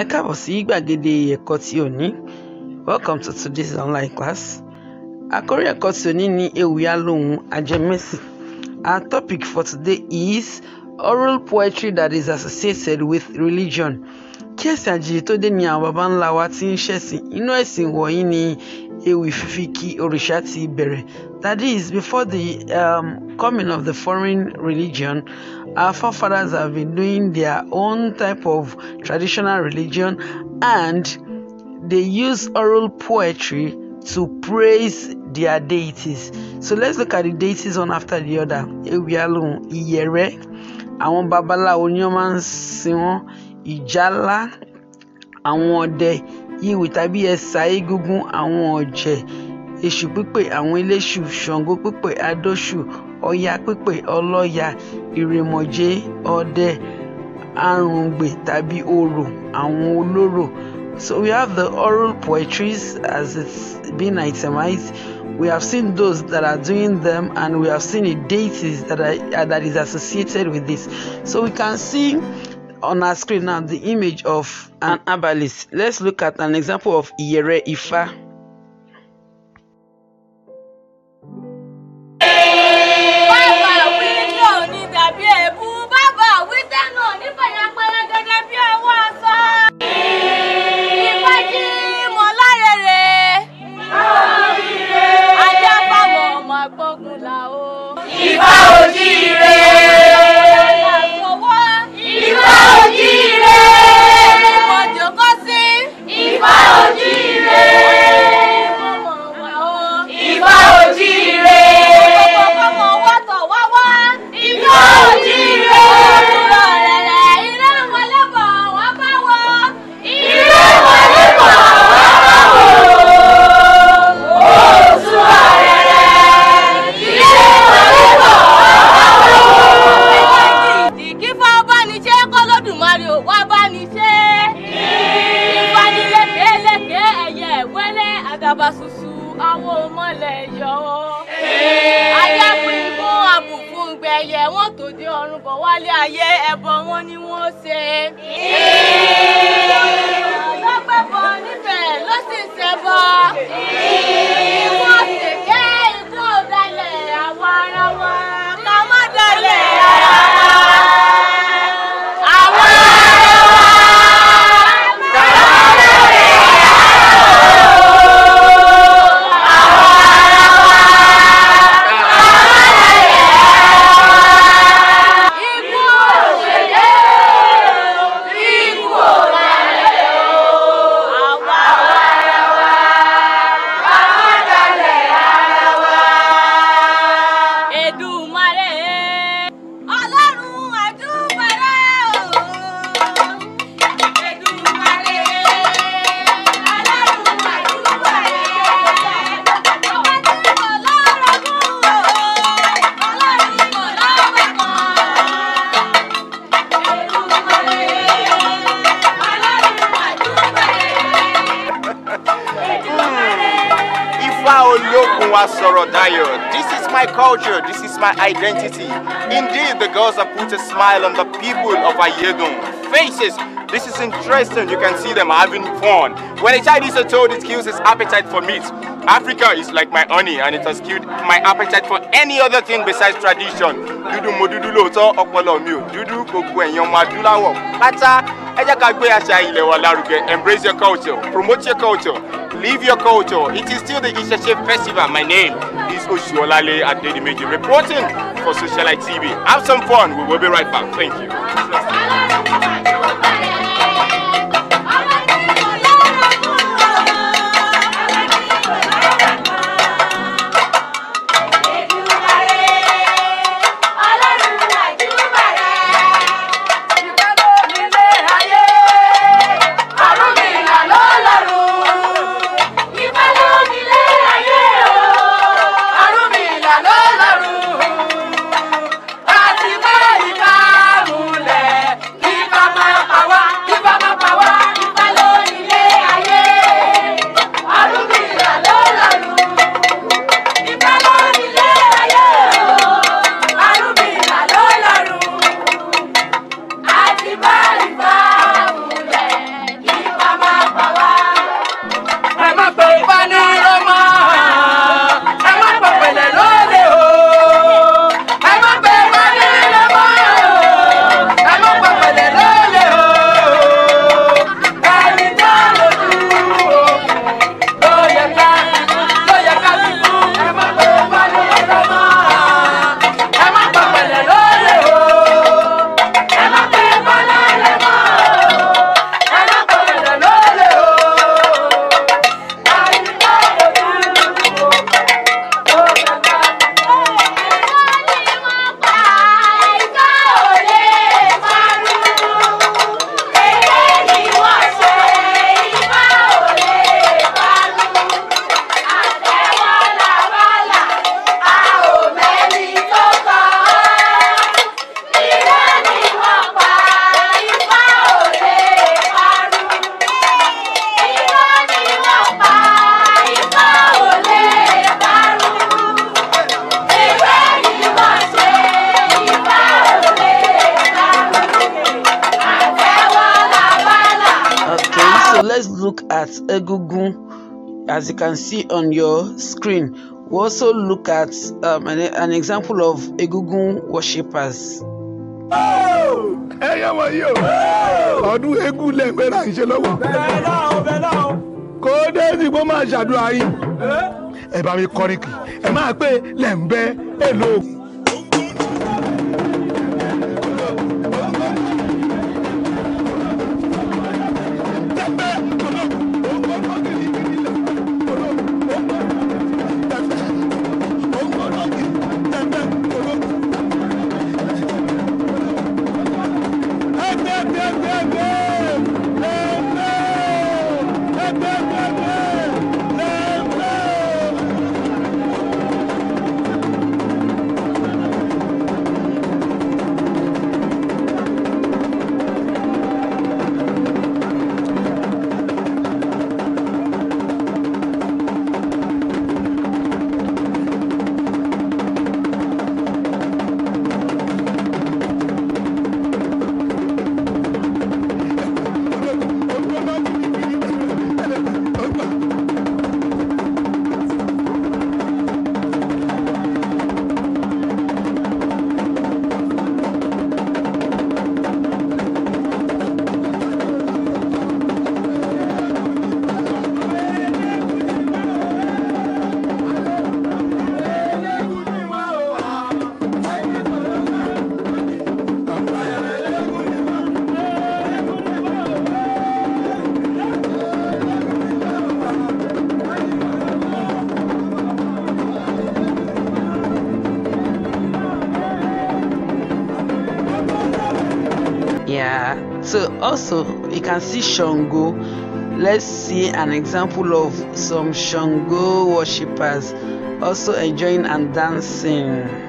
ẹ káàbọ̀ sí gbàgede ẹ̀kọ́ ti òní welcome to today's online class àkórí ẹ̀kọ́ ti òní ni ewì alohùn ajẹmẹ́sìn our topic for today is oral poetry that is associated with religion kí ẹ̀sìn àjèjì tó dé ni àwọn baba ńlá wa ti ń ṣẹ̀sìn inú ẹ̀sìn wọ̀nyí ni ewì fífi kí òrìṣà ti bẹ̀rẹ̀ that is before the um, coming of the foreign religion our forefathers have been doing their own type of traditional religion and they use oral poetry to praise their deities. So let's look at the deities one after the other. Ewialun Iyere, àwọn babaláwo ni wọ́n Ìjálá, àwọn ọdẹ, Ìwì tàbí Ẹ̀sà àwọn ọ̀jẹ̀, èṣù pípè àwọn eléṣù ṣàngó pípè adóṣù ọya pípè ọlọ́ya ìrèmọ̀jé ọdẹ arùngbè tàbí orò àwọn olóró so we have the oral poetries as it's been itemized we have seen those that are doing them and we have seen the deities that are that is associated with this so we can see on our screen now the image of an herbalist let's look at an example of iyere ifa. Viva! This is my culture, this is my identity. Indeed, the girls have put a smile on the people of Ayedun. Faces, this is interesting, you can see them having fun. When a child is a toad, it kills his appetite for meat. Africa is like my honey and it has killed my appetite for any other thing besides tradition. Dúdú mo dúdú ọpọlọ mi ò dúdú gbogbo ẹ̀yàn ọmọ adúláwọ̀ pátá ẹ jẹ́ ká ilẹ̀ wa lárugẹ embrace your culture promote your culture Leave your culture. Oh. It is still the Isheshe Festival. My name is Oshiolale Adedimeji, reporting for Socialite TV. Have some fun. We will be right back. Thank you. Egungun, as you can see on your screen. We also look at um, an, an example of Egungun worshippers. ẹyẹ wọ̀nyí o ọdún eégún lẹ́gbẹ́ náà ń ṣe lọ́wọ́ kó déèdì kó máa ṣàdúrà yín ẹ bá mi kọrin kì ẹ máa pé lẹ́ǹbẹ́ èlò. So also you can see Shango. Let's see an example of some Shango worshippers also enjoying and dancing.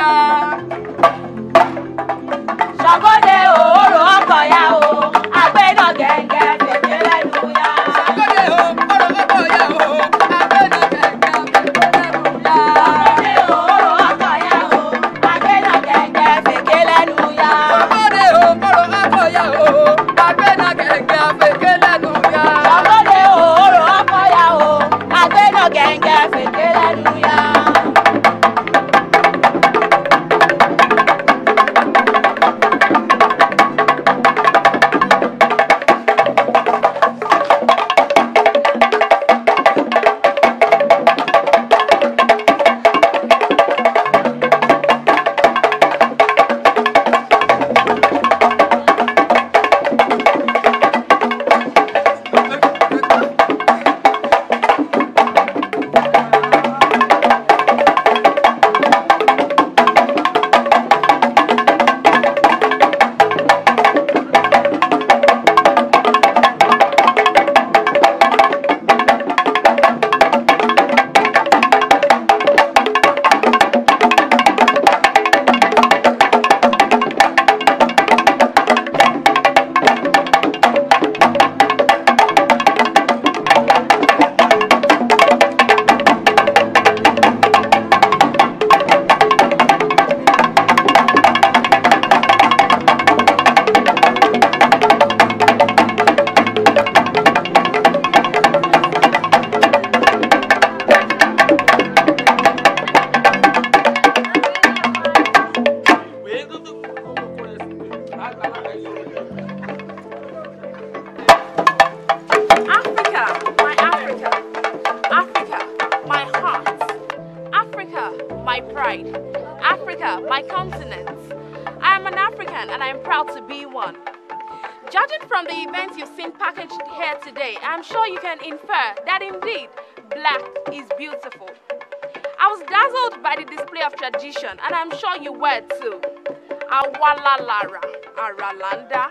Bye. today, I'm sure you can infer that indeed, black is beautiful. I was dazzled by the display of tradition, and I'm sure you were too. Awala Lara, Aralanda.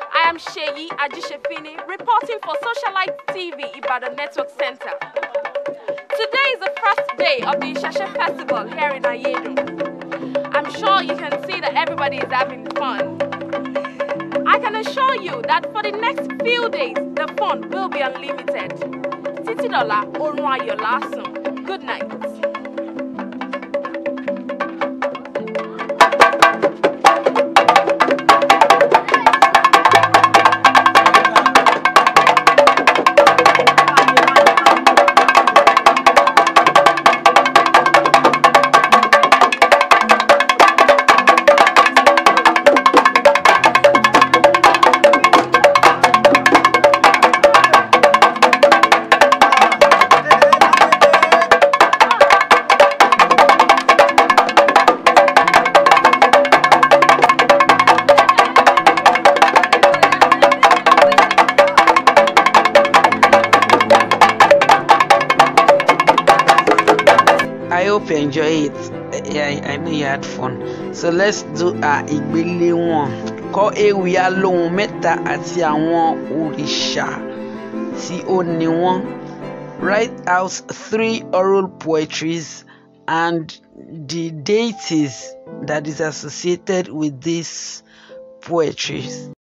I am Sheyi Ajishefini, reporting for Socialite TV Ibadan Network Center. Today is the first day of the Ishashe Festival here in Ayedo. I'm sure you can see that everybody is having fun. that for the next few days, the fun will be unlimited. Títí dọ̀la, oorun ayọ̀ lásán. I hope you enjoy it. I, I know you had fun. So let's do a ìgbélé wọn. Kọ́ ewì alóhùn mẹ́ta àti àwọn òrìṣà tí ó ní wọn. Write out three oral poetries and the deities that is associated with these poetries.